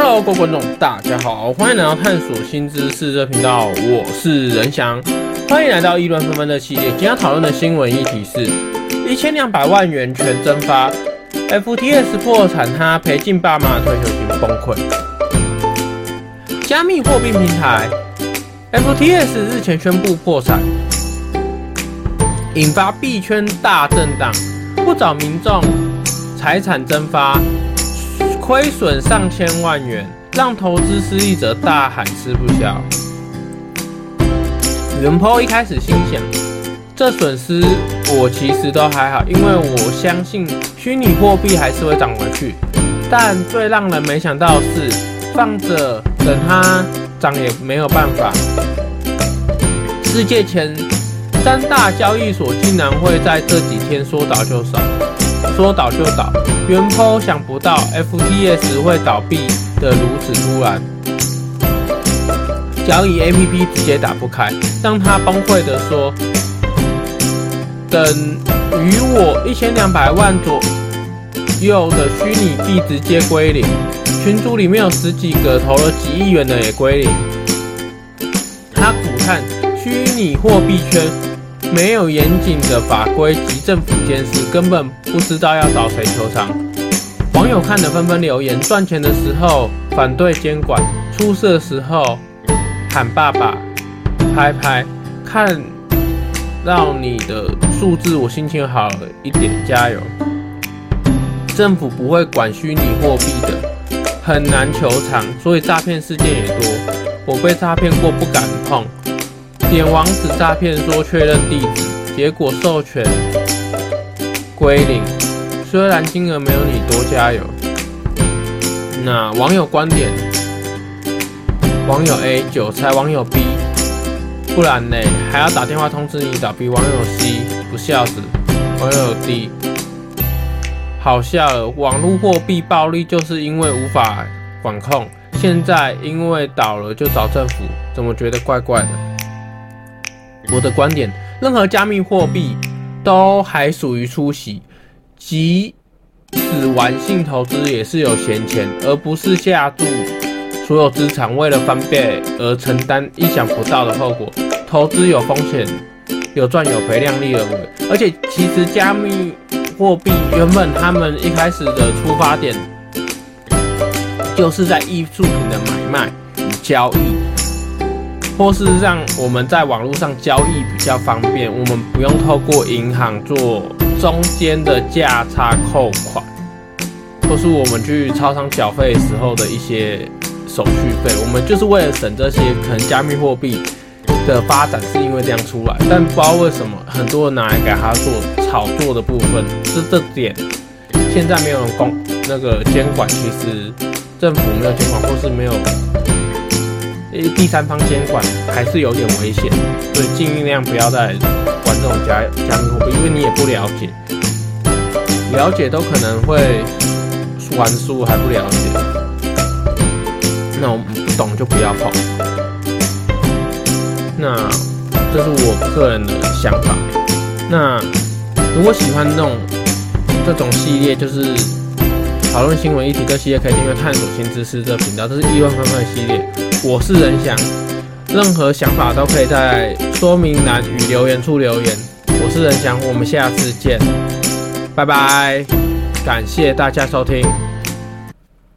Hello，各位觀眾，大家好，歡迎來到探索新知識這頻道，我是仁翔，歡迎來到議論紛紛的系列。今天要討論的新聞議題是：一千兩百萬元全蒸發，FTX 破產，他賠進爸媽退休金，崩潰。加密貨幣平台 FTX 日前宣布破產，引發幣圈大震盪，不找民眾，財產蒸發。虧損上千萬元，讓投資失意者大喊吃不消。元波一開始心想，這損失我其實都還好，因為我相信虛擬貨幣還是會漲回去。但最讓人沒想到的是，放着等它漲也沒有辦法。世界前三大交易所竟然會在這幾天說倒就倒。說倒就倒，原 PO 想不到 FTX 會倒閉的如此突然。交易 APP 直接打不開，讓他崩潰的說，等於我一千兩百萬左右的虛擬幣直接歸零。群組裡面有十幾個投了幾億元的也歸零。他苦嘆：虛擬貨幣圈。沒有嚴謹的法規及政府監視，根本不知道要找誰求償。網友看了紛紛留言：賺錢的時候反對監管，出事的時候喊爸爸，拍拍。看到你的數字，我心情好了一點，加油。政府不會管虛擬貨幣的，很難求償，所以詐騙事件也多。我被詐騙過，不敢碰。點王子詐騙說確認地址，結果授權歸零。雖然金額沒有你多，加油。那網友觀點：網友 A 韭菜，網友 B 不然呢還要打電話通知你倒閉。網友 C 不孝子，網友 D 好笑了。網絡貨幣暴利就是因為無法管控，現在因為倒了就找政府，怎麼覺得怪怪的？我的觀點，任何加密貨幣都還屬於出席，即使玩性投資也是有閒錢，而不是下注所有資產為了翻倍而承擔意想不到的後果。投資有風險，有賺有賠，量力而為，而且，其實加密貨幣原本他們一開始的出發點，就是在藝術品的買賣與交易。或是讓我們在網絡上交易比較方便，我們不用透過銀行做中間的價差扣款，或是我們去超商繳費時候的一些手續費，我們就是為了省這些。可能加密貨幣的發展是因為這樣出來，但不知道為什麼很多人拿來給他做炒作的部分，這這點現在沒有人管，那個監管其實政府沒有監管或是沒有。第三方監管還是有點危險，所以盡量不要再玩這種加加密貨幣，因為你也不了解，了解都可能會玩輸還不了解，那我們不懂就不要跑。那這是我個人的想法。那如果喜歡這種這種系列，就是討論新聞議題的系列，可以訂閱“探索新知識”這頻道，這是議論紛紛系列。我是仁翔，任何想法都可以在說明欄與留言處留言。我是仁翔，我們下次見，拜拜，感謝大家收聽。